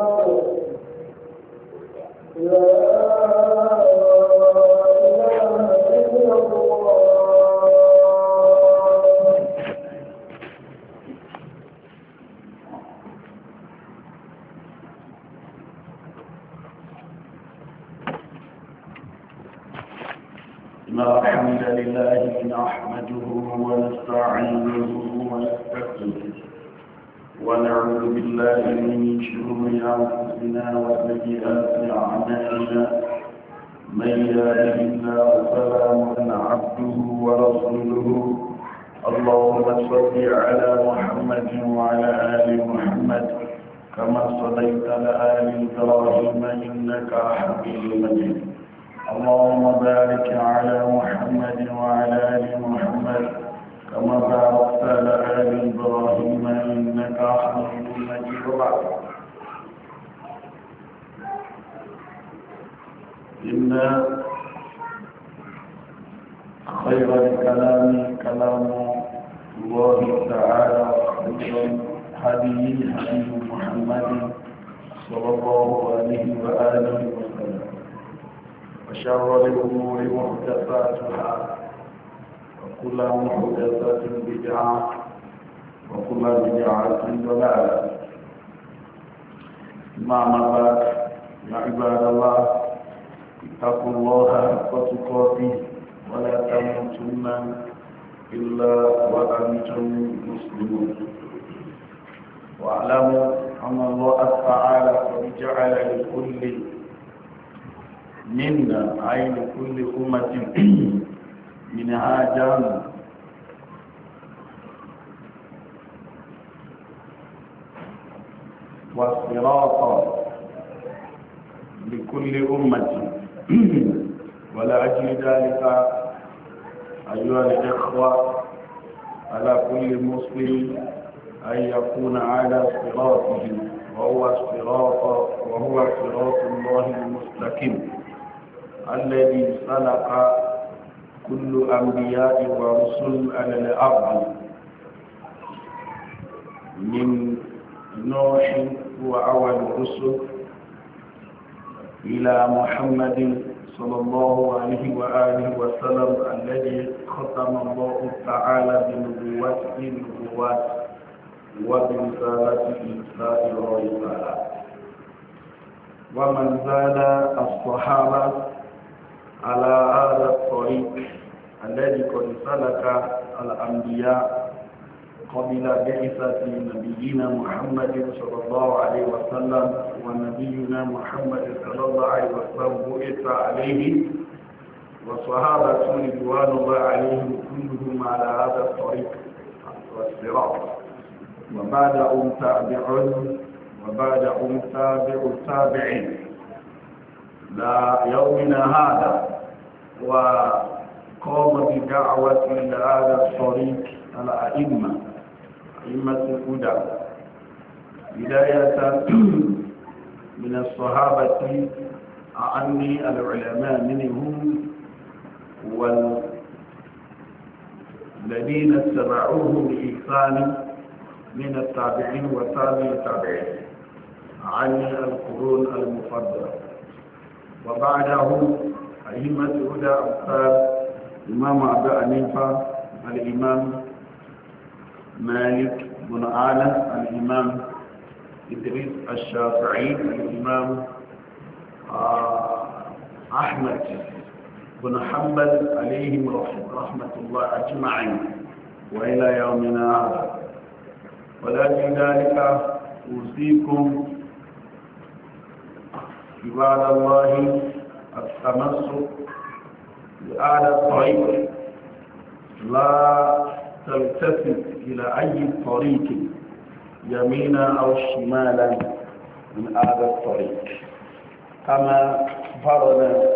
Thank you. اللهم إنك حميد مجيد اللهم بارك على محمد وعلى آل محمد كما باركت على آل إبراهيم إنك حميد مجيد إن خير الكلام كلام الله تعالى وخير حديث هدي محمد صلى الله عليه وآله وسلم وشر الأمور محدثاتها وكل محدثات بدعة وكل بدعة ضلالة ما بعد يا عباد الله اتقوا الله حق تقاته ولا تموتن إلا وأنتم مسلمون واعلموا أن الله تعالى قد جعل لكل منا أي لكل أمة منهاجا وصراطا لكل أمة ولأجل ذلك أيها الإخوة على كل مسلم أن يكون على صراطه وهو صراط وهو صراط الله المستقيم الذي خلق كل أنبياء ورسل على الأرض من نوح وأول الرسل إلى محمد صلى الله عليه وآله وسلم الذي ختم الله تعالى بنبوته نبوات ومن زالة إثبات الرسالة ومن زال الصحابة على هذا الطريق الذي قد سلك الأنبياء قبل بعثة نبينا محمد صلى الله عليه وسلم ونبينا محمد صلى الله عليه وسلم بعث عليه والصحابة رضوان الله عليهم كلهم على هذا الطريق والصراط وبعدهم تابع وبعدهم تابع التابعين لا يومنا هذا وقام بدعوة إلى هذا الطريق الأئمة أئمة الهدى بداية من الصحابة أعني العلماء منهم والذين اتبعوهم بإحسان من التابعين وتابع التابعين عن القرون المفضلة وبعده أئمة هدى أبطال إمام أبا أنيفة الإمام مالك بن آنس الإمام إدريس الشافعي الإمام آه، أحمد بن حنبل عليهم رحمة الله أجمعين وإلى يومنا هذا ولكن ذلك أوصيكم عباد الله التمسك بأعلى الطريق لا تلتفت إلى أي طريق يمينا أو شمالا من هذا الطريق كما فرض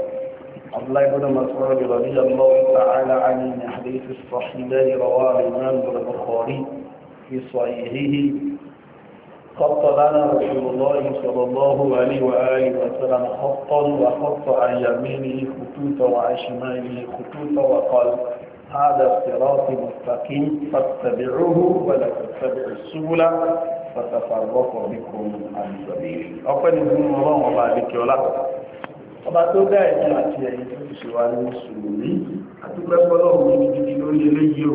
عبد الله بن مسعود رضي الله تعالى عنه من حديث الصحيحين رواه الإمام البخاري في صحيحه خط لنا رسول الله صلى الله عليه وآله وسلم خطا وخط عن يمينه خطوط وعن شماله خطوطا وقال هذا الصراط مستقيم فاتبعوه ولا تتبعوا السبل فتفرق بكم عن سبيله ọpẹ́ ni fún ọlọ́run ọba àdékẹ́ ọlá ọba tó dá ẹ̀mí àti ẹ̀yìn tó ti ṣe wá ní mùsùlùmí àti pẹ́pẹ́ ọlọ́run ní gidi lórí eléyìí o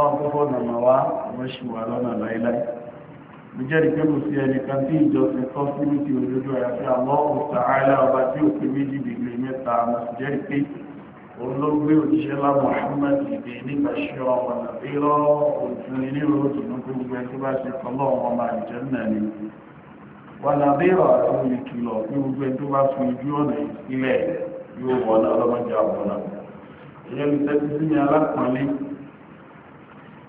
ọlọ́run tó fọ́nà mà wá lọ́ṣù wà lọ́nà láíláí mo jẹ́rìí pé kò sí ẹnìkan tí ìjọsìn tọ́ sí ní ti òdodo àyàfi àwọn ọ̀sà àìlá ọba tí ó pé méjì dìgbì mẹ́ta mo sì jẹ́rìí pé òun ló gbé òjíṣẹ́ lá Muhammad ìdè nígbà ṣe ọmọ ìrọ̀ òtún ní ròdù ní gbogbo ẹ tó bá ṣe tọ́lọ́ ọmọ tẹ́tí sí ní alákùnrin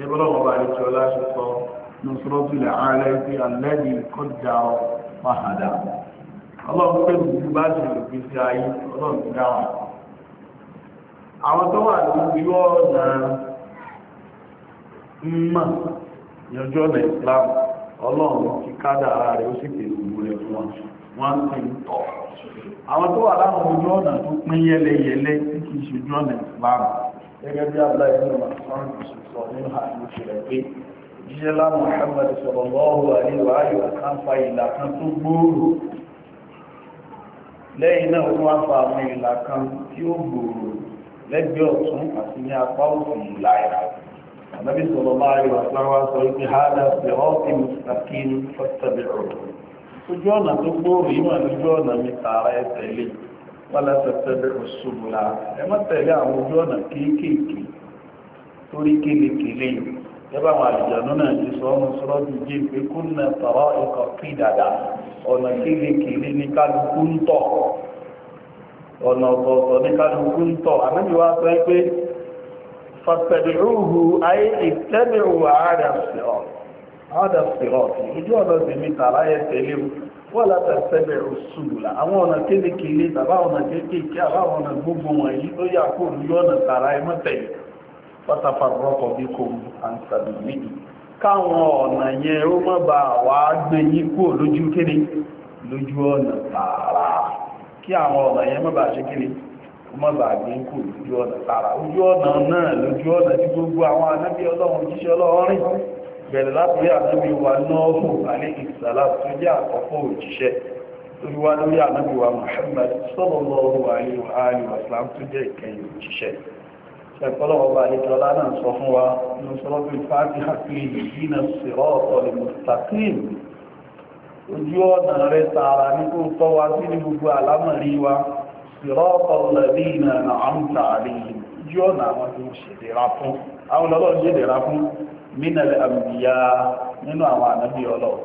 lẹ́bọ̀lọ́ wọn bá rí tí ọlá ṣe sọ nùsọ́rọ́tù ilẹ̀ ààrẹ pé àlẹ́dì kọjá pàhàdà ọlọ́run àwọn tó wà ní ìlú ọ̀nà mma yanjú ọ̀nà Islam ọlọ́run ti kádà ara rẹ̀ ó sì pè gbogbo rẹ̀ fún wọn wọ́n ti ń tọ̀ àwọn tó wà láwọn ojú ọ̀nà tó pín yẹlẹyẹlẹ tí kì í Islam gẹ́gẹ́ bí abúlé ìlú mọ̀sán sọ nínú àdúgbò rẹ̀ pé jíjẹ́lá Muhammad sallallahu alaihi wa alihi wa kan fa ìlà kan tó gbòòrò lẹ́yìn náà wọ́n wá fa àwọn ìlà kan tí ó gbòòrò lẹ́gbẹ̀ẹ́ ọ̀tún àti ní apá òsì ìlà ìlà ànábì sallallahu alaihi wa sallam wá sọ wípé hádà sirati mustaqim fattabi'uhu ojú ọ̀nà tó gbòòrò yìí wà lójú ọ̀nà mi tààrà ẹ̀ wọ́n tẹ̀tẹ̀bẹ̀ òṣùbùlà ẹmọ́tẹ̀lẹ̀ àwọn ojú ọ̀nà kéékèèké torí kélékèlé yẹ́bà àwọn àjọ̀nú náà ti sọ ọmọ sọ́rọ́ ti jẹ́ pé kó nà tọ̀rọ̀ ikọ̀ kí dàdà ọ̀nà kélékèlé ní kálukú ń tọ̀ ọ̀nà ọ̀tọ̀ọ̀tọ̀ ní kálukú ń tọ̀ àmì wá sọ pé fàtẹ̀lẹ̀rúhu ayé ìtẹ́lẹ̀rù àádà sírọ̀tì ojú wọ́n látàṣẹ́bẹ̀ òṣùlùlà àwọn ọ̀nà kéékèèké tàbá ọ̀nà kéékèèké àbáwọn ọ̀nà gbogbo wọ̀nyí tó yà kó ní ọ̀nà tààrà ẹmọ́ tẹ̀lé pátápá rọ́pọ̀ bí kò mú àǹsàdù níbi káwọn ọ̀nà yẹn ó mọ́ bá wà á gbé yín kó lójú kéde lójú ọ̀nà tààrà kí àwọn ọ̀nà yẹn mọ́ bá ṣe kéde ó mọ́ bá gbé kó lójú ọ̀nà tààrà ojú ọ̀nà náà lójú ọ̀nà tí gbogbo àwọn anábì jíṣẹ́ ọlọ́run bẹ̀rẹ̀ láti ànábì wa nọ́ọ̀fù alẹ́ ìsàlá tó jẹ́ àkọ́kọ́ òjíṣẹ́ tó wá lórí ànábì wa Muhammad sallallahu alaihi wa alihi wa sallam tó jẹ́ ìkẹyìn òjíṣẹ́ ṣẹ̀kọ́lọ́wọ́ba àlejọ́lá náà sọ fún wa ní sọ́lọ́bí fàájì àkíyèsí ìdínà sírọ́ọ̀tọ̀ lè mustaqim ojú ọ̀nà rẹ̀ tààrà ní àwọn tó ń ṣèdèrà fún àwọn ọlọ́run yé dẹ̀ra fún minal ambiya nínú àwọn ànábì ọlọ́run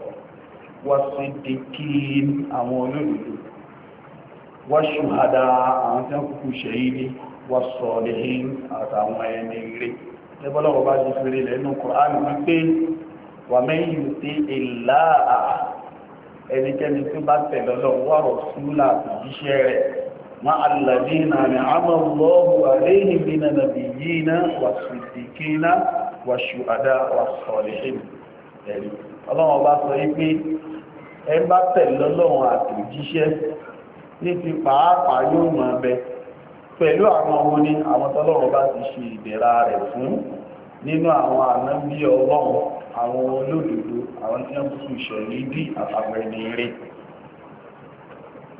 wasidikin àwọn olódodo washuhada àwọn tí wọ́n kúkú ṣẹ̀yìdì wasalihin àtàwọn ẹni rẹ̀ مع الذين نعم الله عليهم من النبيين والصديقين والشهداء والصالحين ọlọ́run ọba sọ wípé ẹ bá tẹ̀lé àtòjíṣẹ́ ní ti pàápàá yóò mọ̀ ọbẹ̀ pẹ̀lú àwọn ní àwọn ti ṣe ìdẹ̀ra rẹ̀ fún nínú àwọn ànábí ọlọ́run àwọn àwọn tí wọ́n kú bí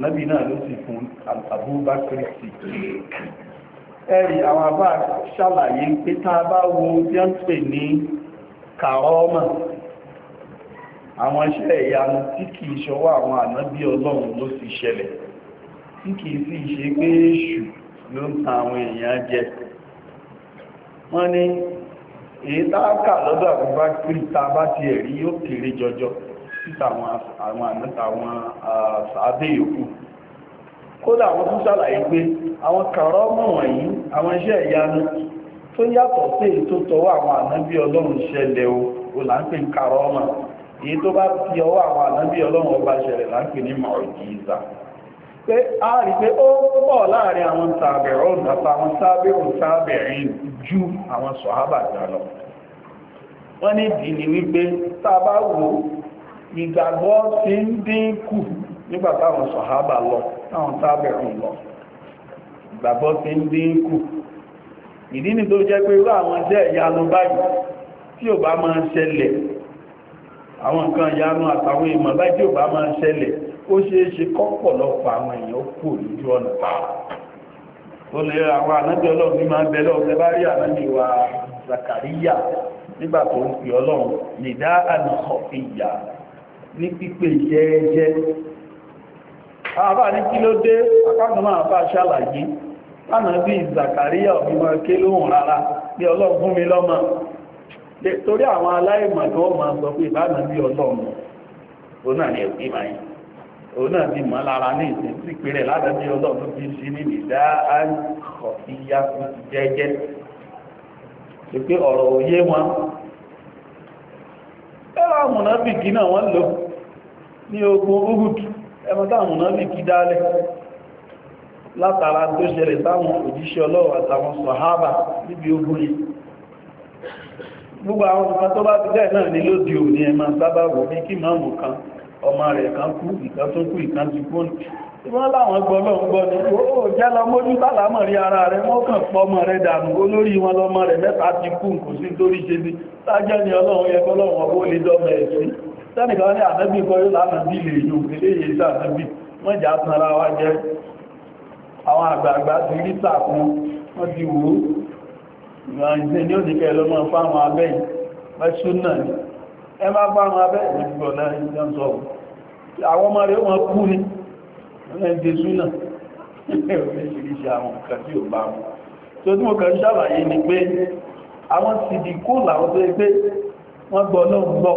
ànábì náà ló sì fún Abubakar sí ẹ̀rì àwọn àbá ṣàlàyé pé tá a bá wo tí a ń pè ní kàrọ́mà àwọn iṣẹ́ ìyanu tí kìí ṣọwọ́ àwọn ànábì ọlọ́run ló sì ṣẹlẹ̀ tí kìí sì ṣe pé èṣù ló ń ta àwọn èèyàn jẹ wọ́n ní èyí tá a kà lọ́dọ̀ Abubakar tá a bá ti ẹ̀rí yóò kéré jọjọ títà àwọn àmẹ́ta àwọn sàádé yòókù kódà àwọn tún ṣàlàyé pé àwọn kàrọ́mù wọ̀nyí àwọn iṣẹ́ ìyanu tó yàtọ̀ sí èyí tó tọwọ́ àwọn ànábí ọlọ́run ṣẹlẹ̀ o ò là ń pè kàrọ́mù èyí tó bá ti ọwọ́ àwọn ànábí ọlọ́run ọba ṣẹlẹ̀ là ń pè ní mọ̀ọ́jìza pé a rí pé ó pọ̀ láàrin àwọn tàbẹ̀rún àtàwọn tàbẹ̀rún tàbẹ̀rin ju àwọn sọ̀hábà jà lọ wọ́n ní ìdí ni wípé tá a bá wò ìgbàgbọ́ ti ń dínkù nígbà sọ̀hábà lọ táwọn tábẹ̀rún lọ ìgbàgbọ́ ti ń dínkù ìdí ni tó jẹ́ pé irú àwọn iṣẹ́ ìyanu báyìí tí ò bá máa ń ṣẹlẹ̀ àwọn nǹkan ìyanu àtàwọn ìmọ̀ báyìí tí ò bá máa ń ṣẹlẹ̀ ó ṣeé ṣe kọ́pọ̀lọpọ̀ àwọn èèyàn kù lójú ọ̀nà tó lè àwọn ọlọ́run ní máa ń bẹ lọ́wọ́ bá ní pípé jẹ́ẹ́jẹ́ àbá ní kí ló dé akágun máa bá ṣàlàyé lánàá bí Zakaria òbí máa ké lóhùn rárá bí Ọlọ́run fún mi lọ́mọ torí àwọn aláìmọ̀ tó máa sọ pé ìbáná bí Ọlọ́run òun náà ni ẹ̀kí máa yìí òun náà ti mọ̀ lára ní ìsìn sí ìpínlẹ̀ ládàbí ọlọ́run ti ṣe ní ìdá àìkọ̀ ìyá fún ti jẹ́jẹ́ ṣe pé ọ̀rọ̀ òye wọn ẹ̀rọ àmùnà bìkì náà lò ní ogun Uhud ẹmọ́ta àwọn náà lè kí dálẹ̀ látara tó ṣẹlẹ̀ táwọn òjíṣẹ́ ọlọ́wọ̀ àtàwọn sọ̀hábà níbi ogun yìí gbogbo àwọn nǹkan tó bá ti jẹ́ náà ní lóde òní ẹmọ sábà wò kan ọmọ rẹ̀ kan kú ìkan tó kú ìkan ti kú ní wọ́n láwọn gbọ́ gbọ́ ní ó jẹ́ lọ mójú tàlámọ̀ rí sẹ́nìkan ní ànábì kọ́ yóò lánàbí lè yóò eléyè iṣẹ́ ànábì wọ́n jà sanra wá jẹ́ àwọn àgbààgbà ti rí sàkún wọ́n ti wò ó ìrìnàjò ní òdíkẹ́ lọ́mọ fáwọn abẹ́yìn mẹ́ṣún náà ni ẹ má fáwọn abẹ́yìn ìgbìgbọ̀ náà ìjọ́ sọ̀rọ̀ àwọn ọmọ rẹ̀ wọ́n kú ni ẹ̀ẹ́dẹ̀ súnà oríṣìíríṣìí àwọn nǹkan tí ò bá mú tó tí mo kàn ṣàlàyé ni pé àwọn sìdìkú làwọn tó ẹgbẹ́ wọ́n gbọ́ náà gbọ́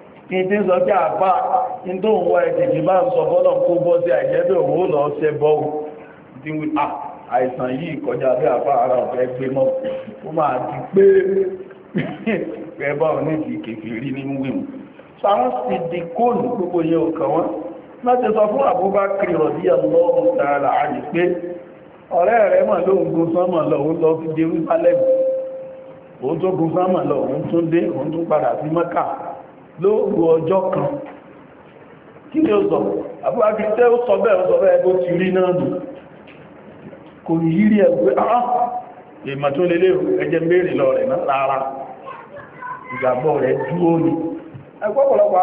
ìdí sọ pé àpá ní tó ń wá ìdìdì bá ń sọ bọ́lọ̀ kó bọ́ sí àìjẹ́bẹ̀ òun lọ ṣe bọ́ àìsàn yìí kọjá bí àpá ara ọ̀fẹ́ gbé mọ́ ó máa di pé ẹbá onídìí kèfèrí ní wíwù sáwọn sì di kóòlù gbogbo yẹ ọ̀kan wọn láti sọ fún àbúbákiri rọ̀dí ọlọ́run tààrà àyè pé ọ̀rẹ́ rẹ̀ mọ̀ lóhun gun sánmọ̀ lọ òun lọ sí Jerúsálẹ́mù òun tó gun sánmọ̀ lọ òun tún dé òun tún padà sí Mẹ́kà lóògùn ọjọ́ kan kí ni ó sọ àbúrákì tẹ́ ó sọ bẹ́ẹ̀ sọ bẹ́ẹ̀ bó ti rí náà nù kò rí ẹgbẹ́ ah èmà ah, tó lélẹ̀ ẹjẹ́ mẹ́rin lọ rẹ̀ náà lára ìgbàgbọ́ rẹ̀ dúó ni ẹgbọ́pọ̀lọpọ̀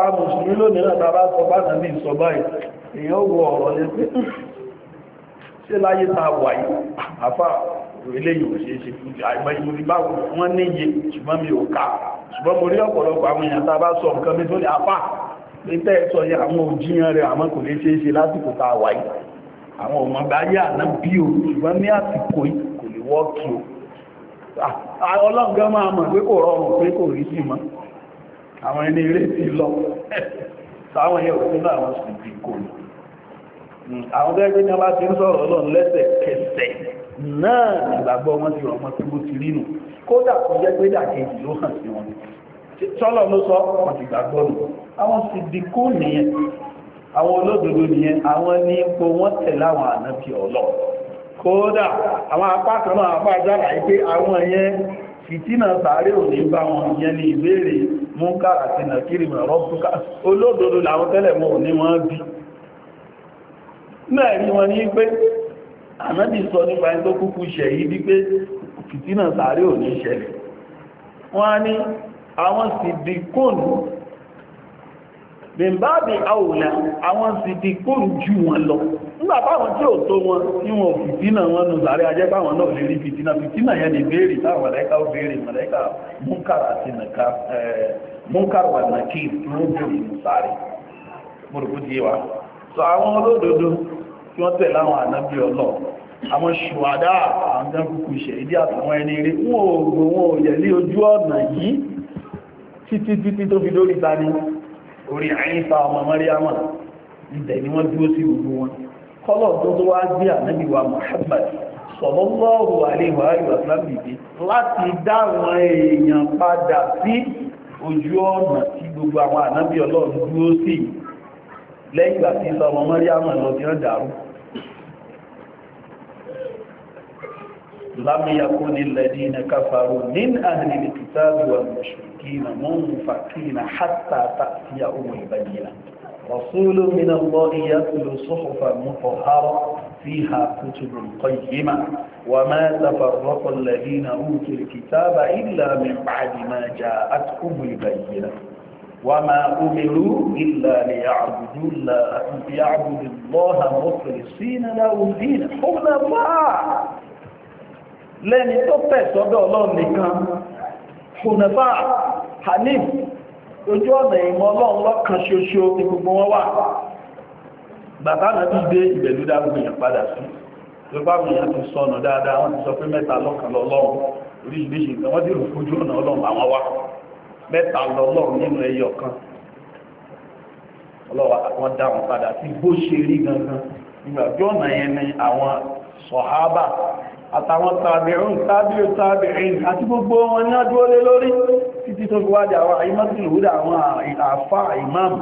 eléyìí ò ṣe é ṣe fún àìmọye mo ti bá wọn níye ṣùgbọ́n mi ò ká ṣùgbọ́n mo rí ọ̀pọ̀lọpọ̀ àwọn èèyàn a bá sọ nǹkan mi tó ní apá pété ẹ̀sọ́ yẹ àwọn òjìyàn rẹ̀ àmọ́ kò lè ṣe é ṣe lásìkò tá a wà yìí àwọn ọmọ bá yà ná bí o ṣùgbọ́n ní àsìkò yìí kò lè wọ́ọ̀kì o ah, ah, ọlọ́gbọ́n máa mọ̀ pé kò rọrùn pé kò rí sí mọ́ àwọn ẹni eré ti lọ sáwọn hmm, yẹ òfin náà wọ́n sì di kò ní àwọn gẹ́gẹ́ ní wọ́n bá náà ìgbàgbọ́ wọn ti rọ̀ wọn tí ó ti rí nù kódà kò jẹ́ pé dàkejì ló hàn sí wọn tọ́lọ̀ ló sọ wọn ti gbàgbọ́ nù àwọn sì dínkù nìyẹn àwọn olódodo nìyẹn àwọn ní ipò wọn tẹ̀lé àwọn ànábì ọlọ́ kódà àwọn apá kan náà apá dára pé àwọn yẹn fìtínà sàárè ò ní bá wọn yẹn ní ìbéèrè mú kára sí nàkírì mọ̀rọ̀ bùkà olódodo làwọn tẹ́lẹ̀ wọn ò ní wọn bí náà rí wọn ní pé ànábì sọ nípa ẹni tó kúkú ṣẹ̀ bí pé fìtínà sàárè ò ní ṣẹlẹ̀ wọ́n á ní àwọn sìdìkóònù bèbáàbì àwòlà àwọn jù wọn lọ nígbà táwọn tí ò tó wọn tí wọn fìtínà wọn nù sàárè ajẹ́ báwọn náà lè rí fìtínà fìtínà yẹn lè béèrè táwọn na tí wọ́n tẹ̀lé àwọn ànábì ọlọ́ àwọn ṣùwádá àwọn jẹ́kùkù ṣe ìdí àtàwọn ẹni rí wọ́n ògbò wọn ò yẹ̀ lé ojú ọ̀nà yìí títí títí tó fi dórí ta ní orí àyíká ọmọ mọ́ríámà ìdẹ̀ ni wọ́n dúró sí gbogbo wọn kọ́lọ̀ tó tó wá gbé ànábì wa Muhammad sallallahu alaihi wa sallam láti dá àwọn èèyàn padà sí ojú ọ̀nà tí gbogbo àwọn ànábì Ọlọ́run dúró sí lẹ́yìn ìgbà tí sọmọ mọ́ríámà lọ sí ọ̀dàrú لم يكن الذين كفروا من أهل الكتاب والمشركين منفكين حتى تأتيهم البينة رسول من الله يتل صحفا مطهرة فيها كتب قيمة وما تفرق الذين أوتوا الكتاب إلا من بعد ما جاءتهم البينة وما أمروا إلا ليعبدوا الله ليعبدوا الله مخلصين له الدين حول الله lẹ́ni tó fẹ̀ sọ́dọ̀ ọlọ́run nìkan hùnàfà hanif ojú ọ̀nà ìmọ̀ ọlọ́run lọ́kan ṣoṣo ní gbogbo wọn wà bàbá náà bí dé ìbẹ̀lú dágbìyàn padà sí lọ́pàá èèyàn ti sọnù dáadáa wọ́n ti sọ pé mẹ́ta lọ́kan lọ́lọ́run kan àtàwọn tàbíun tàbíò tàbíin àti gbogbo wọn ní ọdún olé lórí títí tó fi wájà àwọn àìmọ́sílùúdà àwọn àfá imam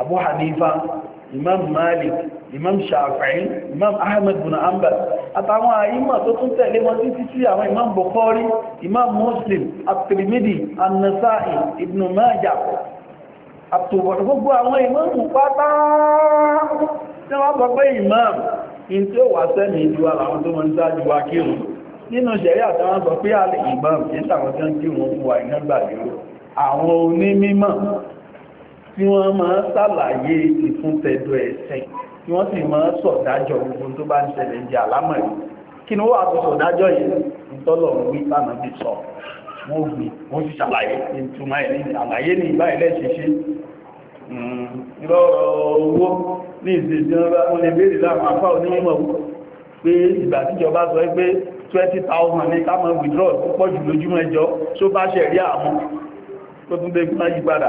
abu hanifa imam malik imam shafi'i imam ahmed bin ambal àtàwọn àìmọ̀ tó tún tẹ̀lé wọn títí sí àwọn imam bukhari imam muslim at-tirmidhi an-nasa'i ibn majah àtòwọ̀ gbogbo àwọn imam pátá tí wọ́n gbogbo imam in tí ó wà sẹ́mì ìjúwà àwọn tó mọ́ ní sáájú wa kírun nínú ṣẹ̀rí àtàwọn sọ pé àlè ìgbọ́n kìí sàwọn tí ó ń kírun fún wa iná gbàgbèrò àwọn onímímọ̀ tí wọ́n máa sàlàyé ìfúntẹ̀dọ̀ ẹ̀sìn tí wọ́n sì máa sọ̀dájọ́ gbogbo tó bá ń ṣẹlẹ̀ jẹ́ àlámọ̀ yìí kí lọ́rọ̀ owó ní ìsìnkú wọn lè béèrè láwọn afá onímọ̀ pé ìgbà tíjọba sọ pé 20,000 ní kámọ̀ withdraw púpọ̀ jù lójúmọ́ ẹjọ́ tó bá rí àmú tó tún dé gúnmá yí padà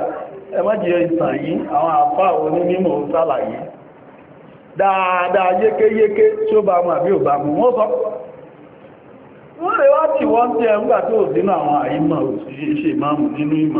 ẹ má jẹ́ ìsàn yìí àwọn sálàyé dáadáa yékéyéké bá sọ wọ́n lè wá tí wọ́n tó ò sínú àwọn àyímọ̀ òṣìṣẹ́ ìmáàmù nínú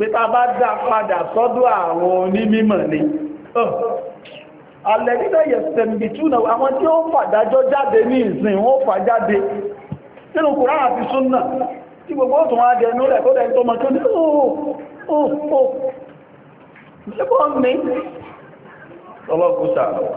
pé ta bá dá padà sọ́dọ̀ àwọn onímímọ̀ ni alẹ́gbẹ́ yẹ̀sẹ̀mì túnà àwọn tí ó fàdájọ́ jáde ní ìsìn wọ́n fà jáde nínú Kùránì àti súnnà tí gbogbo ó tún adẹ ní rẹ̀ kó dẹ̀ tó mọ̀ kí ó ní ooo ooo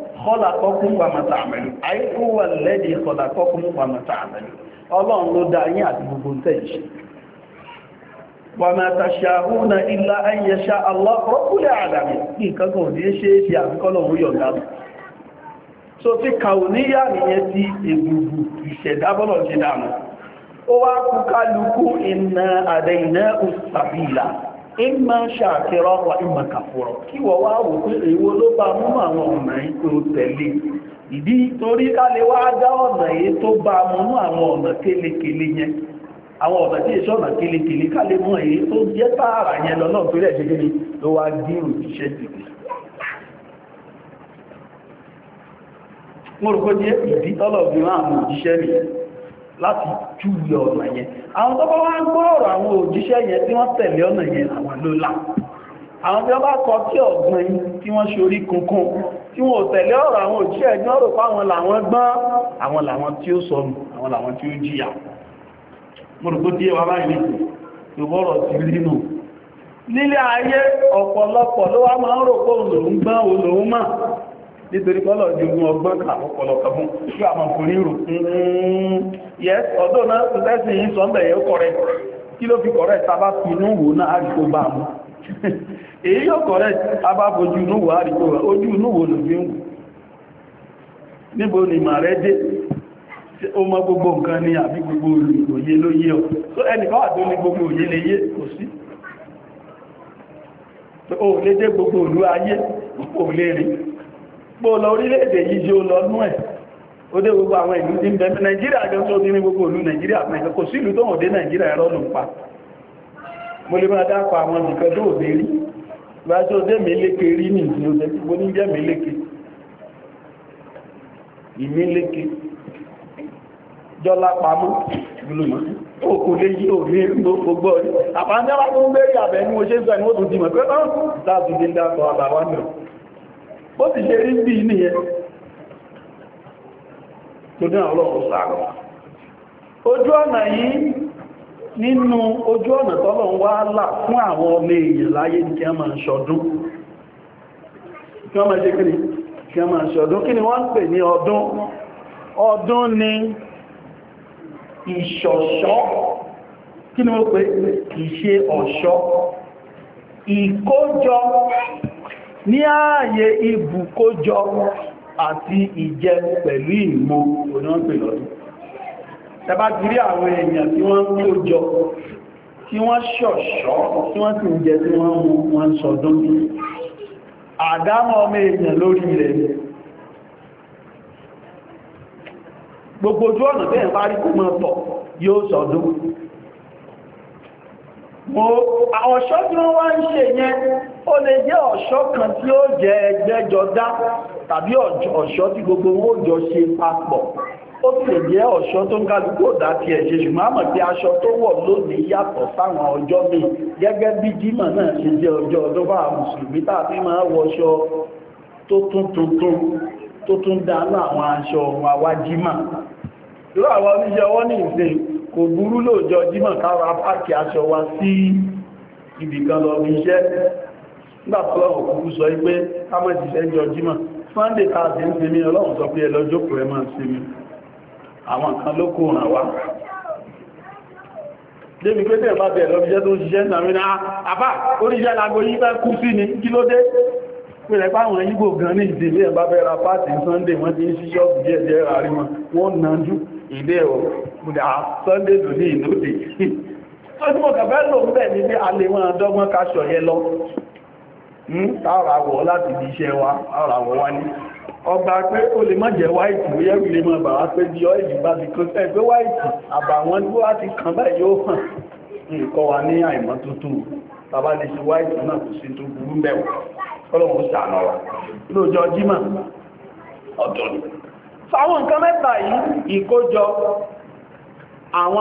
kọ́làkọ́kún pàmàtà àmẹ́lú àìkú wà lẹ́dí kọ́làkọ́kún pàmàtà àmẹ́lú ọlọ́run ló dá yín àti gbogbo tẹ́jì pàmàtà ṣàhúnà ilá ayẹṣà alákọ́kúlẹ̀ àdàmì ní ìkankan òní ṣe é ṣe àfikọ́lọ̀ orí ọ̀gá so ti kàùníyà nìyẹn ti egbùgbù ìmọ̀ ma wà ìmọ̀ ọrụ kí wọ́n wá wò pé èwo ló bá mú àwọn ọ̀nà tó tẹ̀lé ìdí torí ká wá dá ọ̀nà yìí tó bá mú àwọn ọ̀nà kélékèlé yẹn àwọn ọ̀nà tí èso ọ̀nà mú èyí tó jẹ́ tààrà yẹn lọ náà torí ẹ̀ṣẹ́ kéle ló wá jìbì mo rò ìdí tọ́lọ̀ bí wọ́n láti júwe ọ̀nà yẹn àwọn tó bá wá ń gbọ́ ọ̀rọ̀ àwọn òjíṣẹ́ yẹn tí wọ́n tẹ̀lé ọ̀nà yẹn àwọn ló là àwọn tí wọ́n bá kọ tí ọ̀gbọ́n tí wọ́n ṣe orí kunkun tí wọ́n tẹ̀lé ọ̀rọ̀ àwọn òjíṣẹ́ ẹ̀gbọ́n rò pa àwọn làwọn gbọ́n àwọn làwọn tí ó sọnù àwọn làwọn tí ó jìyà mo rò tó díẹ̀ wá báyìí nìkan ìwọ́rọ̀ ti rí nù nílé ayé ọ̀pọ̀lọpọ̀ ló wá máa ń rò nítorí kọ́lọ̀ jùgbọ́n ọgbọ́n àpọ̀pọ̀lọpọ̀ fún ṣí àmà kò hmm. yes ọdọ́ náà tó tẹ́sí yìí sọ kí ló fi tàbá pinú wò náà àríkò bá mú èyí yóò tàbá fojú àríkò rẹ̀ ojú ló fi ń wù níbo ni mà rẹ dé ó mọ gbogbo nǹkan ni gbogbo òye ló yé ọ tó ẹnìkan wà tó ní gbogbo òye lè yé kò sí pọ̀ lọ orílẹ̀-èdè yìí jẹ́ ó lọ nú ẹ̀ ó dé gbogbo àwọn ìlú tí ń bẹ nàìjíríà gan tó dín ní gbogbo ìlú nàìjíríà mẹ́kẹ́ kò sí ìlú tó hàn dé nàìjíríà ẹ̀rọ ló ń pa mo lè máa dákọ̀ àwọn nìkan tó ò lérí bá tó dé méléke rí ní ìsìn ó tẹ́sí gbó ní jẹ́ méléke ìméléke jọlá pamọ́ gbùlùmọ́ òkú lé yí òní gbogbo ọ̀rí àpáńdẹ́lá tó ń gbé rí àbẹ̀ ní mo ṣe ń sọ ìwọ́n tó ti mọ̀ pé ah, ọ́n láti ó sì ṣe rí bí ní ẹ tó ní ọlọ́run sàárọ̀ ojú ọ̀nà yìí nínú ojú ọ̀nà tọ́lọ̀ ń wá là fún àwọn ọmọ èèyàn láyé kí a máa ṣọdún kí a máa ṣe kí ni kí a máa ṣọdún kí ni wọ́n ń pè ní ọdún ọdún ni ìṣọ̀ṣọ́ kí ni wọ́n pè kìí ọ̀ṣọ́ ìkójọ ní ààyè ibùkójọ àti ìjẹ pẹ̀lú ìmọ̀ oníwọ̀npẹ̀ lọ́dún tẹbá ti rí àwọn èèyàn tí wọ́n kójọ tí wọ́n ṣọ̀ṣọ́ tí wọ́n ti ń jẹ tí wọ́n mú wọn sọdún àdámọ́ ọmọ èèyàn lórí ilẹ̀ gbogbo ojú ọ̀nà bẹ́ẹ̀ bá rí kó mọ́ tọ̀ yóò sọdún ọ̀ṣọ́ tí wọ́n wá ń ṣe yẹn ó lè jẹ́ kan tí ó je ẹgbẹ́jọ dá tàbí ọ̀ṣọ́ tí gbogbo wọn jọ ṣe papọ̀ ó sì jẹ́ ọ̀ṣọ́ tó ń ti ẹ̀ṣẹ̀ ṣùgbọ́n àmọ̀ tí aṣọ tó wọ̀ lónìí yàtọ̀ sáwọn ọjọ́ mi gẹ́gẹ́ bí jímọ̀ náà ṣe jẹ́ ọjọ́ ọdún bá mùsùlùmí tàbí máa wọṣọ tó tún tuntun tó tún àwọn aṣọ ohun irú àwọn oníṣẹ́ ní kò burú jímọ̀ káwọn apáàkì aṣọ wa sí ibìkan lọ gbàtọ́lọ́ òkú sọ pé kámọ́jíṣẹ́ jọ jímọ̀ sunday káàdì ń sinmi ọlọ́run sọ pé ẹlọ́jọ́kù ẹ máa sinmi àwọn kan ló kó ràn wá débi pé tẹ́ẹ̀ bá bẹ̀rẹ̀ lọ́bíṣẹ́ tó ń ṣiṣẹ́ nàmínà ah, àbá oríṣẹ́ alágbó yí bá kú sí ni kí ló dé pẹ̀lẹ̀ páwọn yígbò gan ní ìdílé ẹ̀bá bẹ́ra pàtí sunday wọ́n ti ń sí ṣọ́ọ̀bù jẹ́jẹ́ rárí wọn wọ́n nájú ilé ọ̀ múlẹ̀ sunday ló ní ìlóde tó tí mo kàfẹ́ lò ń bẹ̀ ní alẹ́ wọn adọ́gbọ́n kaṣọ̀ yẹ lọ tààrà hmm? wọ̀ láti di iṣẹ́ wa ara wọ̀ wá ní ọgbà pé o lè má jẹ́ wáìtì ó yẹ́rù lè mọ́ bà wá pé bí ọ́ èyí bá ti kọ́ sẹ́ pé wáìtì àbàwọn tó wá ti kàn báyìí yóò hàn nǹkan wa ní àìmọ́ tuntun bàbá lè ṣe wáìtì náà kò sí tó burú mẹ́wàá ọlọ́run ṣàánà wa lóòjọ́ jímọ̀ ọ̀dọ́ ni fáwọn nǹkan àwọn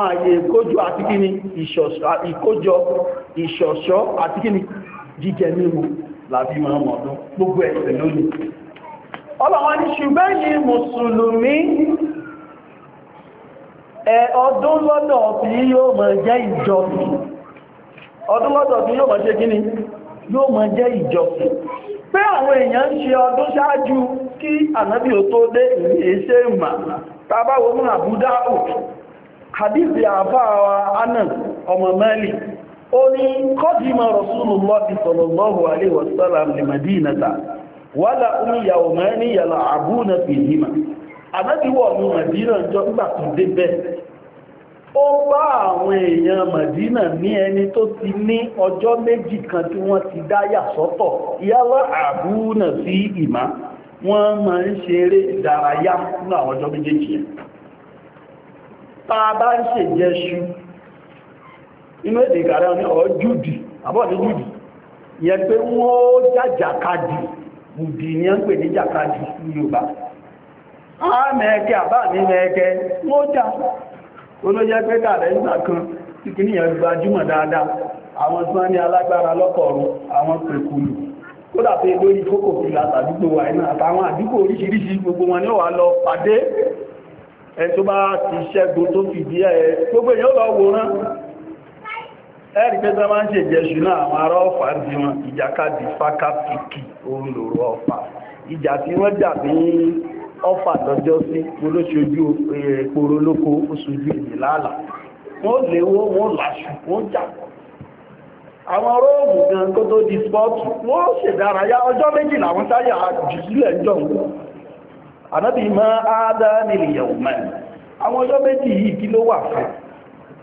àyè ìkójọ àti kíni ìṣọ̀ṣọ́ àti kíni jíjẹ mímu làbí wọn ọdún gbogbo ẹ̀sìn lónìí ọlọ́wọ́n ní ṣùgbọ́n ní mùsùlùmí ọdún lọ́dọ̀ tí yóò mọ̀ jẹ́ ìjọsìn ọdún lọ́dọ̀ yóò mọ̀ ṣe kíní yóò mọ̀ jẹ́ ìjọsìn pé àwọn èèyàn ń ṣe ọdún ṣáájú kí ànábì ò tó oni kọ́dìmọ̀ rasulullahi sallallahu alaihi wasallam ni madinata wala ya yàwó mẹ́rin yàlá àbúnà fihima anábíwọ̀ ní madina jọ nígbà tó débẹ̀ o ba àwọn eyan madina ni eni to ti ni ọjọ meji kan ti wọ́n ti dáyà ya yàlá àbúnà sí ìmá wọ́n máa ń ṣeré ìdárayá fún àwọn ọjọ́ méjèèjì yẹn tá a bá ń ṣèjẹ́ṣu inú èdè ìkàrẹ́ ní ọ̀ júdì àbọ̀dé júdì yẹn pé wọ́n jàjàkadì bùdì ní ẹ́ ń pè ní jàkadì yorùbá a mẹ́ẹ̀kẹ́ àbá mi mẹ́ẹ̀kẹ́ wọ́n jà olóyẹ́ pé kàrẹ́ nígbà kan tí kì níyàn gbajúmọ̀ dáadáa àwọn tí wọ́n ní alágbára lọ́kọ̀ọ̀rún àwọn pẹ̀kùlù ó dàbí lórí kókò fìlà àtàdúgbò wà iná àtàwọn àdúgbò oríṣiríṣi gbogbo wọn ni ó wà lọ pàdé ẹ tó bá ti ṣẹ́gun tó fìdí ẹ gbogbo èèyàn lọ wòrán ẹ̀rì pé tó máa ń ṣe jẹ́ṣù náà àwọn ará ọ̀fà ti wọn ìjàkadì fákàpìkì olùrọ̀ ọ̀fà ìjà tí wọ́n jà ní ọ̀fà lọ́jọ́ sí olóṣojú èèpòrò olóko oṣojú èdè láàlà wọ́n léwó wọ́n làṣù wọ́n jà àwọn róòmù gan kó tó di spọ́ọ̀tù wọ́n ṣèdárayá ọjọ́ méjì làwọn táyà jù sílẹ̀ jọ̀ ànábì máa á dá nílìyàwó mẹ́rin àwọn ọjọ́ méjì yìí kí ló wà fún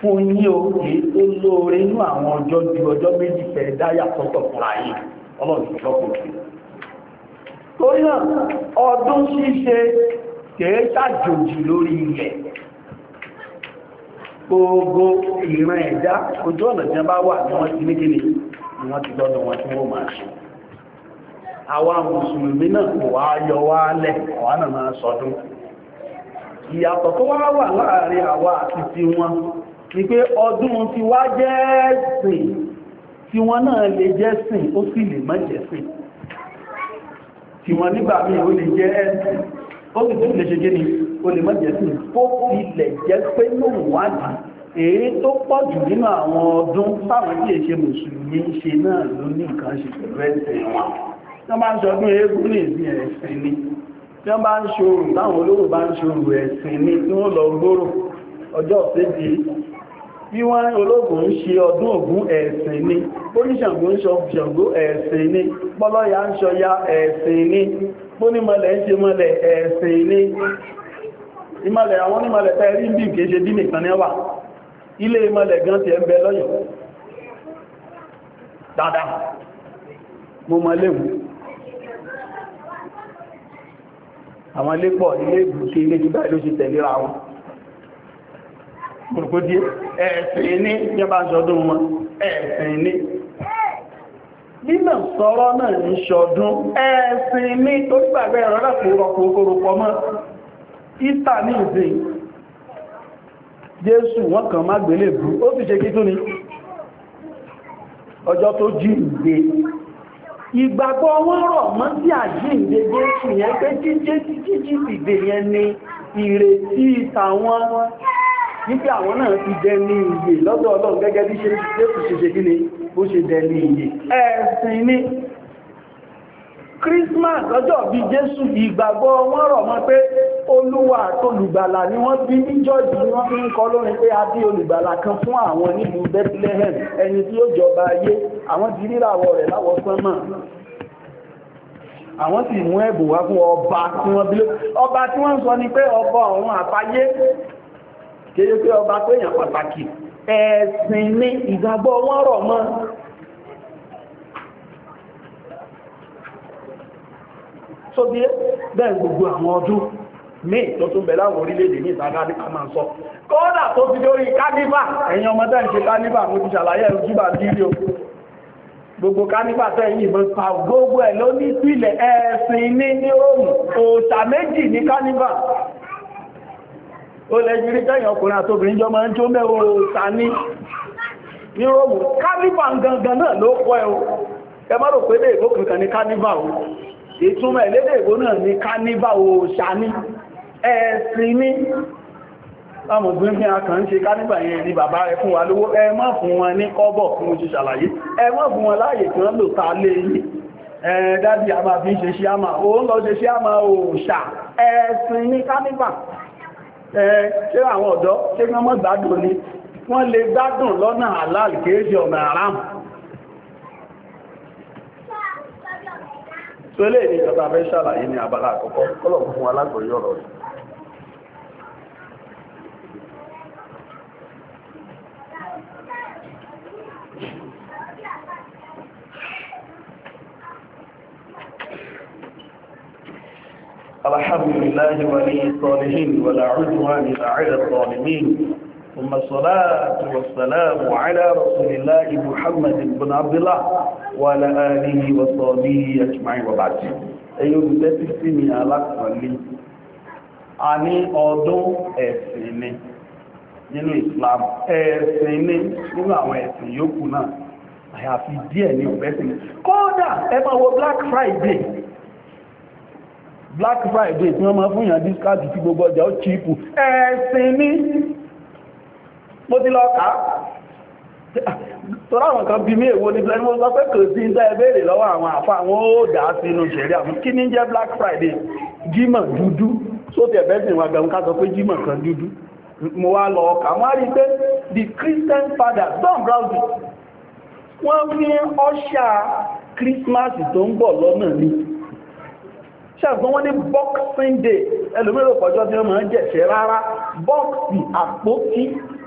fún yí òkè tó lóore inú àwọn ọjọ́ ju ọjọ́ méjì fẹ́ dáyà sọ́tọ̀ fúnra yìí ọlọ́run ìjọkòkè torí náà ọdún ṣíṣe kèé ṣàjòjì lórí ilẹ̀ gbogbo ìran ẹ̀dá ojú ọ̀nà tí wà ní wọ́n ti ní ni wọ́n ti wọn tí wọ́n ṣe àwa mùsùlùmí náà kò wá yọ wá lẹ̀ na máa sọdún ìyàtọ̀ tó wá wà láàrin àwa àti ní pé ọdún ti wá jẹ́ sìn tí wọ́n náà lè jẹ́ sìn ó sì lè má jẹ́ sìn tí wọ́n nígbà míì ó lè jẹ́ sìn ó sì tún lè ṣe gíní ó lè má jẹ́ sìn ó fi lè jẹ́ pé lóhùn wádìí èyí tó pọ̀ jù nínú àwọn ọdún táwọn tí èṣe mùsùlùmí ń ṣe náà ló ní nǹkan ṣe pẹ̀lú ẹ̀sìn wọn tí wọ́n bá ń ṣọdún ní tí wọ́n bá ń ṣòro táwọn olówó bá ń ṣòro ẹ̀sìn ni tí wọ́n lọ gbòòrò ọjọ́ ọ̀sẹ̀ di bí wọ́n ológun ń ṣe ọdún Ògún ẹ̀sìn ni oníṣàngó ń ṣọ Ṣàngó ẹ̀sìn ni bọ́lọ́yà ń ṣọ ya ẹ̀sìn ni bónímọ̀lẹ̀ ń ṣe mọ̀lẹ̀ ẹ̀sìn ni ìmọ̀lẹ̀ àwọn onímọ̀lẹ̀ tẹ́ rí bí kìí ṣe dínì kan níwà ilé ìmọ̀lẹ̀ gan ti ẹ̀bẹ̀ lọ́yọ̀ dáadáa mo mọ̀ léwu àwọn ilé pọ̀ ilé kòròkòdí ẹ̀ẹ̀sìn ní yẹba ṣọdún wọn ẹ̀ẹ̀sìn ní nínà sọ̀rọ̀ náà ní ṣọdún ẹ̀ẹ̀sìn ní tó gbàgbẹ́ ẹ̀rọ ọjọ́ tó jí ìgbé ìgbàgbọ́ wọn rọ̀ mọ́ sí àjíǹde Jésù yẹn pé jíjé ti ìgbé yẹn ni ìrètí tàwọn níbi àwọn náà ti dẹ ní iye lọ́dọ̀ ọlọ́run gẹ́gẹ́ bí ṣe jésù ṣe ṣe gíní bó ṣe dẹ ní iye ẹ̀sìn ní christmas lọ́jọ́ bí jésù ìgbàgbọ́ wọn rọ̀ mọ́ pé olúwa àtolùgbàlà ni wọ́n bí ní jọ́ọ̀jì ni wọ́n fi ń kọ lórin pé a bí olùgbàlà kan fún àwọn nílùú bethlehem ẹni tí ó jọba ayé àwọn ti ríràwọ̀ rẹ̀ láwọ̀ sánmà àwọn sì mú ẹ̀bùn wá fún ọba tí wọ́n bí ọba tí wọ́n sọ ni pé ọba ọ̀run àfáyé kéde pé ọba tó yàn pàtàkì ẹ̀sìn ní ìgbàgbọ́ wọn rọ̀ mọ́ tó bí bẹ́ẹ̀ gbogbo àwọn ọdún ní tó tún bẹ̀ láwọn orílẹ̀-èdè ní ìtajà ní kàmà sọ kódà tó fi lórí kánífà ẹ̀yin ọmọdé ìṣe kánífà mo ti ṣàlàyé ẹ̀rù jùbà dírí o gbogbo kánífà tẹ́yìn ìbọn pa gbogbo ẹ̀ ló ní sílẹ̀ ẹ̀sìn ní ní òòrùn òòtà méjì ní kánífà ó lẹ́jú rí tẹ́yìn ọkùnrin àtòbìnrin jọ máa ń tó mẹ́wọ́ ta ní ìrọ̀wò kánífà gangan náà ló kọ́ ẹ̀ o ẹ má rò pé lè ìbò ní kánífà o ìtumọ̀ ìlédè ìbò náà ní kánífà o ṣání ní lámọ̀gbín a kàn ń ṣe kánífà yẹn ní bàbá rẹ̀ fún wa lówó ẹ má fún wọn ní kọ́bọ̀ fún oṣù ṣàlàyé ẹ má fún wọn láàyè tí wọ́n lò ta lé yìí a máa fi ń ṣe ṣíámà òun lọ ṣe ṣíámà òòṣà ẹ̀ẹ̀sìn ṣe àwọn ọ̀dọ́ ṣe wọ́n mọ́ gbádùn ní wọ́n lè gbádùn lọ́nà halal kéèṣì ọ̀nà haram tó lè ní ìjọba fẹ́ ṣàlàyé ní abala àkọ́kọ́ kọ́lọ̀ fún alágbòrí ọ̀rọ̀ rẹ̀ الحمد لله ولي الصالحين ولا عدوان إلا على الظالمين ثم الصلاة والسلام على رسول الله محمد بن عبد الله وعلى آله وصحبه أجمعين وبعد ẹ̀yin olùtẹ́tí sí ni alákọ̀ọ́lé a ní ọdún ẹ̀sìn ni nínú Islam ẹ̀sìn ni nínú àwọn ẹ̀sìn yòókù náà àyàfi díẹ̀ ní ọ̀bẹ́sìn kódà ẹ máa wo Black Friday black friday tí wọ́n máa fún yàn discount tí gbogbo ọjà ó chipu ẹ̀sìn ní mo ti lọ kà á tọ́rọ àwọn kan bí mí èwo ní black friday pé kò sí ìdá ẹbẹ̀rẹ̀ lọ́wọ́ àwọn àfá àwọn ó dà á sínú ṣẹ̀rí àwọn kí ní jẹ́ black friday jímọ̀ dúdú sóti ẹ̀bẹ́sìn wọn gbẹ̀mú ká sọ pé jímọ̀ kan dúdú mo wá lọ ọkà wọ́n rí pé the christian father don browse wọ́n fi ọ́ṣà christmas tó ń bọ̀ lọ́nà ni ṣẹ́gbọ́n wọ́n ní boxing day ẹlòmíràn pọ̀jọ́ tí wọ́n máa ń jẹ̀ṣẹ́ rárá bọ́ọ̀sì àpótí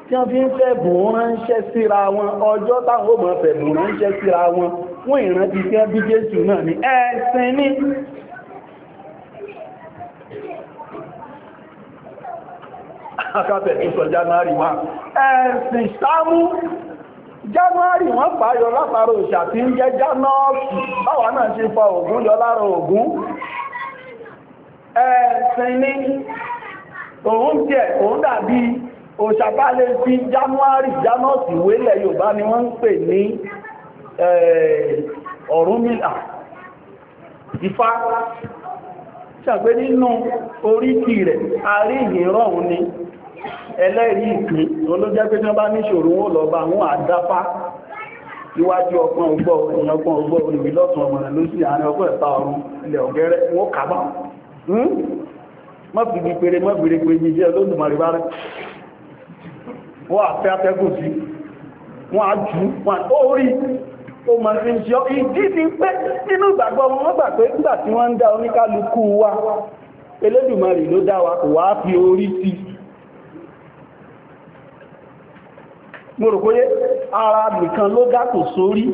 tí wọ́n fi ń fẹ̀bùn ránṣẹ́ síra wọn ọjọ́ táwọn ọmọ fẹ̀bùn ránṣẹ́ síra wọn fún ìrántí tí wọ́n bí Jésù náà ní ẹ̀sìn ní akábẹ̀ tó sọ January 1 ẹ̀sìn sámú January wọ́n pààyọ látara òṣà tí ń jẹ́ Janọ́ọ̀sì báwa náà ṣe fa Ògún yọ lára Ògún ẹ̀ẹ̀sìn ní òun jẹ́ òun dàbí òṣàbálẹ̀ sí january janọ́sì wélẹ̀ yorùbá ni wọ́n ń pè ní ọ̀rúnmìlà ṣàgbé nínú oríkì ni ẹlẹ́rìí ìpín olójẹ́ pé tán bá níṣòro wọn lọ bá wọn àdápá iwájú ọgbọ́n ọgbọ́ ìyọgbọ́n ọgbọ́ olùmílọ́tún ọmọ rẹ̀ ló sì àárín Hmm? má pere ní pèrè má bèèrè pé maribara. wọ́n àfẹ́ afẹ́gùn sí wọ́n a jù wọ́n ó rí o ma fi ń ṣe dị ìdí ni pé nínú ìgbàgbọ́ wọn gbà pé nígbà tí wọ́n ń dá oníkálukú wa ló dá wa kò wá fi orí sí mo rò ara nìkan ló dá kò sórí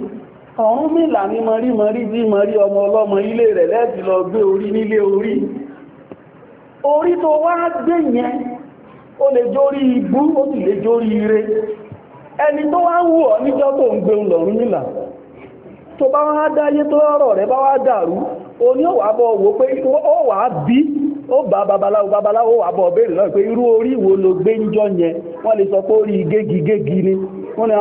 ọ̀run mìlà ní mọ̀rí mọ̀rí bí ọmọ ọlọ́mọ ilé rẹ̀ lẹ́ẹ̀dì lọ gbé orí nílé orí tó wá gbé yẹn ó lè jórí ibú o sì lè jórí ire ẹni tó wá ń wù ọ níjọ́ tó ń gbéun lọ́rùn nílà tó bá wá dáyé tó ọ̀rọ̀ rẹ̀ bá wá dàrú o ní òwà pé ó wà bí ó bá babaláwo babaláwo wà bọ̀ béèrè lọ́wọ́ pé irú orí wo gbé níjọ́ yẹn wọ́n lè sọ pé orí ni wọ́n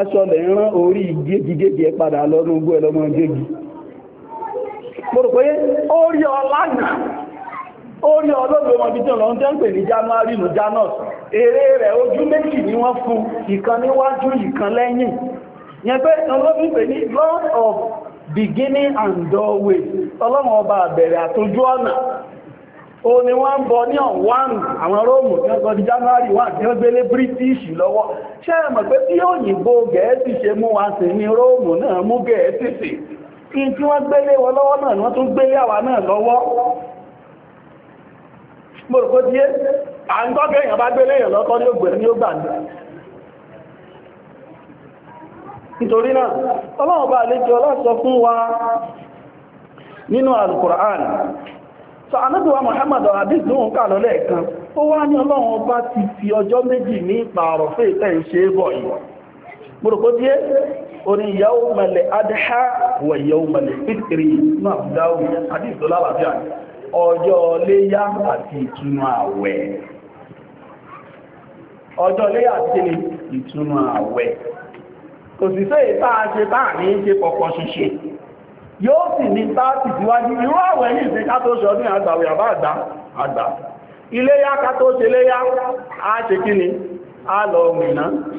aṣọ mo rò pé ó rí ọ lánàá ó rí ọ lóògbé wọn bí tí ọ̀nà ń pè ní january nù janus eré rẹ̀ ojú méjì ni wọ́n fún ìkan níwájú ìkan lẹ́yìn yẹn pé ní lord of beginning and doorway ọlọ́run ọba àbẹ̀rẹ̀ ọ̀nà o ni wọ́n ń bọ ní ọ̀wọ́n àwọn róòmù tí wọ́n kọjú january 1 tí wọ́n british lọ́wọ́ ṣé pé tí òyìnbó gẹ̀ẹ́sì ṣe mú wa sí ní kí tí wọ́n gbélé wọn lọ́wọ́ náà ni wọ́n tún gbélé àwa náà lọ́wọ́ mo rò kó à ń bá gbélé èèyàn lọ́kọ́ ní ògbẹ̀ ní ó gbà nítorí náà ọlọ́run bá àlejò ọlọ́sọ fún wa nínú alukur'an so Muhammad mọ̀rọ̀kọ́díẹ́ oní yàó mẹ́lẹ̀ adha wà yàó mẹ́lẹ̀ fitri náà dáwò àti ìtọ́lábàbíà ọjọ́ léyá àti ìtúnú àwẹ̀ ọjọ́ léyá àti ìtúnú àwẹ̀ kò sì fẹ́ ìtàà ṣe báà ní ṣe pọ̀pọ̀ ṣíṣe yóò sì ní táàtì síwájú irú àwẹ̀ ní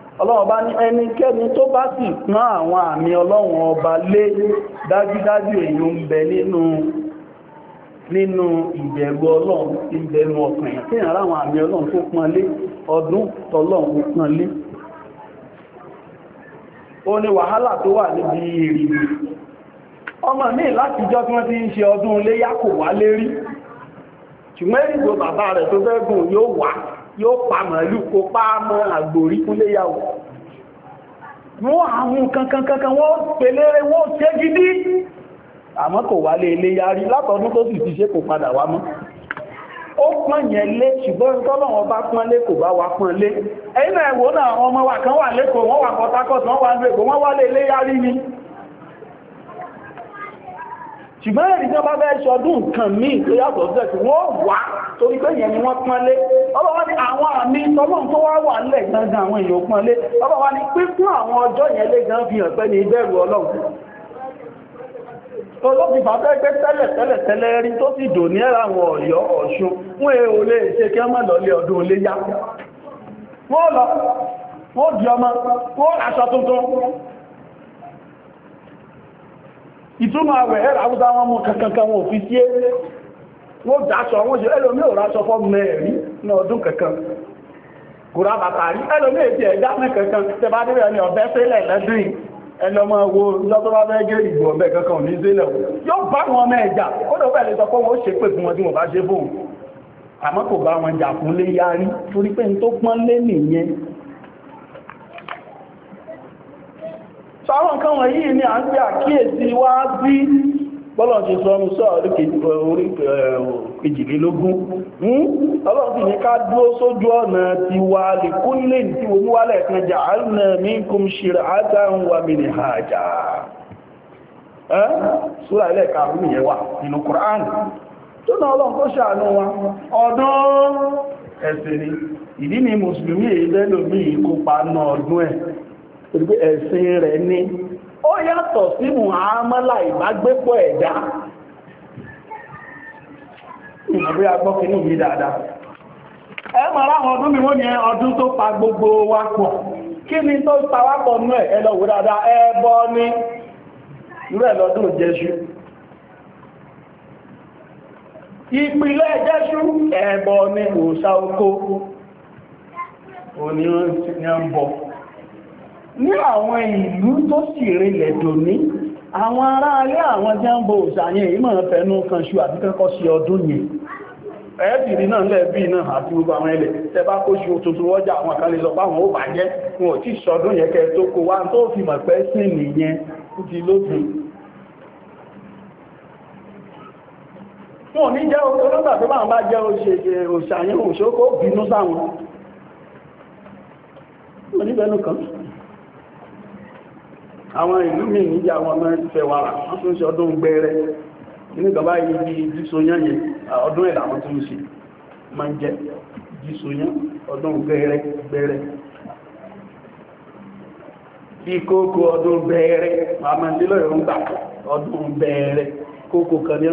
ọlọ́run ní ẹnikẹ́ni tó bá sì àwọn àmì ọlọ́run ọba lé dájídájí èyí ń bẹ nínú nínú ìbẹ̀rù ọlọ́run ìbẹ̀rù ọkàn tí àwọn àmì ọlọ́run tó pán lé ọdún tọlọ́run kò yóò pa màálù kó pa mọ́ àgbòrí fúnléyàwó wọ́n àwọn kankankankan wọ́n pèlére wọ́n ṣe gidi àmọ́ kò wálé ilé yarí látọdún tó sì ti ṣe kò padà wá mọ́ ó pọ́n yẹn lé ṣùgbọ́n tọ́lọ́wọ́n bá pọ́n lé kò bá wá pọ́n lé ẹ̀yìn náà ẹ̀wò náà àwọn ọmọ wa kan wà lẹ́kọ̀ọ́ wọ́n wà pọ̀tákọ̀tì wọ́n wà lẹ́kọ̀ọ́ wọ́n wálé ilé yarí ni ṣùgbọ́n ẹ̀rí bá bẹ́ẹ̀ ṣọdún nǹkan míì tó yàtọ̀ sí wọ́n wà torí pé ìyẹn ni wọ́n pọ́nlé ọlọ́wọ́ ni àwọn àmì tọ́lọ́n tó wá wà nílẹ̀ gangan àwọn èèyàn pọ́nlé ọlọ́wọ́ ni àwọn ọjọ́ lé gan fi hàn pé ní ìbẹ̀rù ọlọ́run tuntun ìtumọ̀ àwẹ̀ ẹ̀rọ àwúsá wọn mú kankankan wọn fi sí wọ́n dáṣọ wọ́n ṣe ẹlòmí ò ráṣọ fọ́ mẹ́rin ní ọdún kankan kò rá bàtà rí ẹlòmí èdè ẹ̀dá ní kankan tẹ bá dé ní ọ̀bẹ́ sílẹ̀ lẹ́dùn ẹlọmọ wo lọ́tọ́bàbẹ́ gé ìgbò ọ̀bẹ́ kankan ní sílẹ̀ yóò bá wọn mẹ́ ẹ̀jà ó lọ bẹ̀rẹ̀ sọ pé wọ́n ṣe pé fún wọn tí wọ́n bá ṣe fóun àmọ́ kò bá wọn jà fún lé yárí torí pé n tó pọ́n lé nìyẹn sáwọn nǹkan wọ̀nyí ni a ń àkíyèsí wá sí bọ́lọ̀ṣe sọ́nù sọ́ọ̀ eh, orí eh, kejìlélógún hmm? ọlọ́sìn ní ká dúró sójú ọ̀nà ti wà lè kún lè tí wọ́n eh? wà lẹ́ẹ̀kan jà mí kún ṣìrì àtàrùn àjà torí ẹ̀sìn rẹ̀ ní ó yàtọ̀ sí muhammadu ìbágbépọ̀ ẹ̀dá ìmọ̀bí agbọ́kínú yìí dáadáa ẹ mọ̀ láwọn ọdún mi wọ́n ní ọdún tó pa gbogbo wa kí ni tó pa wá pọ̀ ẹ̀ dáadáa ní lọ́dún ní àwọn ìlú tó sì rẹlẹ̀ awọn àwọn ará awọn àwọn jambo òṣàyẹn ìmọ̀ fẹ́nu kan àti kẹ́kọ́ sí ọdún yìí ẹ̀ẹ́bìnrin náà lẹ́bí náà àti gbogbo àwọn ilẹ̀ tẹbá kó ṣe tuntun wọ́jà àwọn kan lè sọ ó bà jẹ́ ti àwọn ìlú mi níjà àwọn ọmọ ẹ̀fẹ́ wàrà wọ́n tún ṣe ọdún gbẹ́rẹ́ nígbàbá yìí jísoyán yẹn ọdún ẹ̀dà ń jẹ ọdún gbẹ́rẹ́ gbẹ́rẹ́ bí kókó ọdún bẹ́ẹ̀rẹ́ àmà nílò ọdún bẹ́ẹ̀rẹ́ kókó kan ní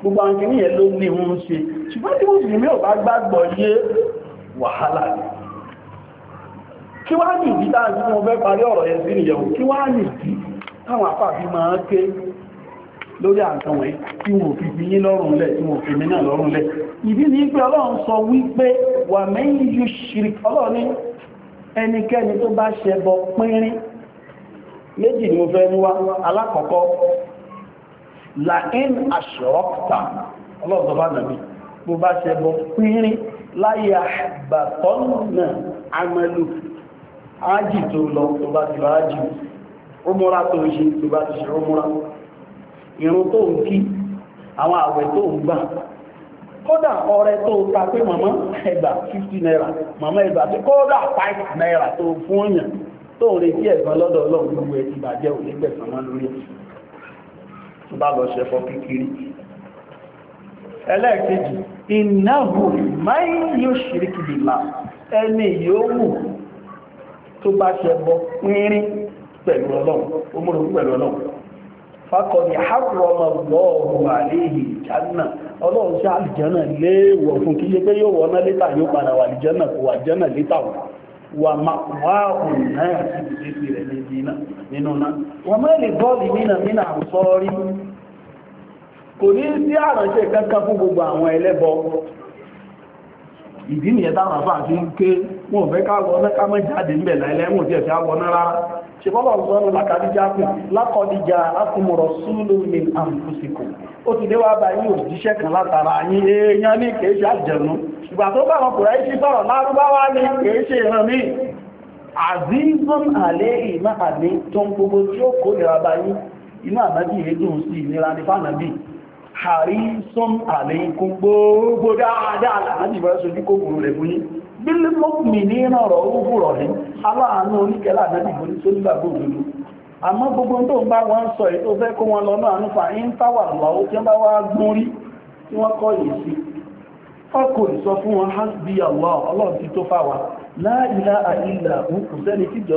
gbogbo àǹkì ló ní wọ́n ṣe ṣùgbọ́n tí wọ́n sì ní kí wá ní ìdí táà nínú ọmọ parí ọ̀rọ̀ yẹn sí ìyẹ̀wò kí wá ní ìdí táwọn àpàbí máa ké lórí àǹkan wọ̀nyí tí wọ́n fi fi yín lọ́rùn lẹ̀ tí wọ́n fi mí náà lọ́rùn lẹ̀ ìdí ni pé ọlọ́run sọ wípé wà mẹ́yìn yóò ṣìrì ọlọ́run ní ẹnikẹ́ni tó bá ṣẹbọ pínrín méjì ni mo fẹ́ mú wá alákọ̀ọ́kọ́ la'in aṣọ́ọ̀kta ọlọ́run sọ bá nàbí bó bá láyé àbàtọ́ náà ájì tó lọ tó bá ti lọ ájì ó múra tó ṣe tó bá ti ṣe ó múra ìrun tó ń kí àwọn àwẹ̀ tó ń gbà kódà ọrẹ tó ta pé màmá ẹgbà 50 naira màmá ẹgbà tó kódà 5 naira tó fún òyìn tó ń retí ẹ̀san lọ́dọ̀ ọlọ́run gbogbo ẹ̀ ti bàjẹ́ òní gbẹ̀san mọ́ lórí tó bá lọ ṣẹfọ kékeré ẹlẹ́ẹ̀kejì ìnáhùn máa ń yóò ṣìríkì bìlà tó bá ṣe bọ́ rírin pẹ̀lú ọlọ́run ó múlò pẹ̀lú ọlọ́run fakọni harrọmọ lọ́ọ̀rọ̀ àléhì jánà ọlọ́run sí àlìjánà léèwọ̀ fún kí yé pé yóò wọ́ná létà yóò padà wà àlìjánà kò wà jánà létà wà náà ìdí nìyẹn táwọn àfáà fi ń ké wọn ò fẹ́ ká wọ ọ́nà ká mọ́ jáde ńbẹ̀ láìlẹ́ wọn ò tiẹ̀ fi á wọná rárá ṣe bọ́lọ̀ sọ́nù làkàdíjà kù lákọ̀díjà akùmọ̀rọ̀ súnlù ní àmùsìkò ó ti dé wá bá yín òjíṣẹ́ kan látara yín èèyàn ní kìí ṣe àjẹ̀nú ìgbà tó bá ọkùnrin ṣí sọ̀rọ̀ harisun alaykum gbogbo dáadáa láti ìbára sojú kòkòrò rẹ̀ fún yí bílí mọ́kùnmí ní ọ̀rọ̀ òwúrọ̀ ní aláàánú oníkẹ́lá ní gbogbo àmọ́ gbogbo tó ń bá wọn sọ ètò fẹ́ kó wọn lọ náà nípa ń táwà lọ́wọ́ tí wọ́n bá wá rí tí wọ́n kọ́ yìí sí fún wọn hasbi allah ọlọ́run ti tó kò sẹ́ni tí jọ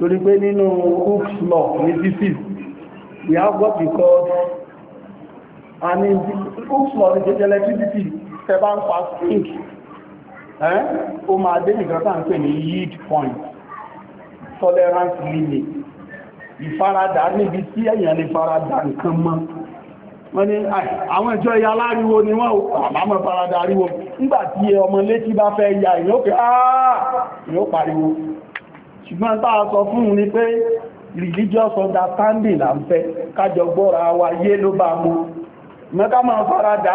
torí pé nínú hook's law ní physics we have got because and in ní law ní jẹjẹ electricity seven o máa dé nìkan ní yield point tolerance limit ìfaradà níbi tí èèyàn lè faradà nǹkan mọ́ wọ́n àwọn ìjọ ìyá aláriwo ni wọ́n àmàmà faradà ríwo nígbàtí ọmọ létí bá fẹ́ ya ìyókè àà ìyókè àríwo ṣùgbọ́n tàà sọ fún un pé religious understanding là ń fẹ́ kájọ wa yé ló bá mú mẹ́ká máa farada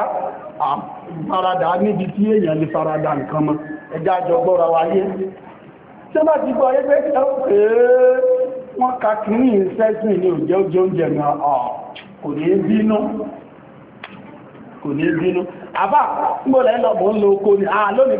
farada níbi tí èyàn lè farada nǹkan mọ́ ẹjá jọ wa yé tí bá ti gbọ́ ayé pé ka ìṣẹ́sìn ní òjẹ́ oúnjẹ kò ní bínú àbá gbọ́lẹ̀ lọ́bọ̀ ń lo àà lónìí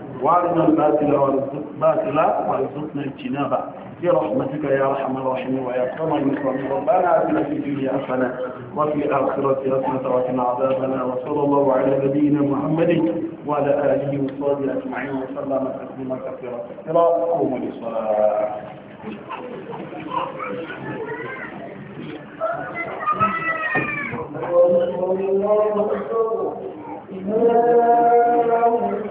وارنا الباطل والباطل وارزقنا اجتنابه برحمتك يا ارحم الراحمين ويا اكرم المكرمين ربنا اتنا في الدنيا حسنه وفي الاخره حسنه وقنا عذابنا وصلى الله على نبينا محمد وعلى اله وصحبه اجمعين وسلم تسليما كثيرا كثيرا قوم الصلاه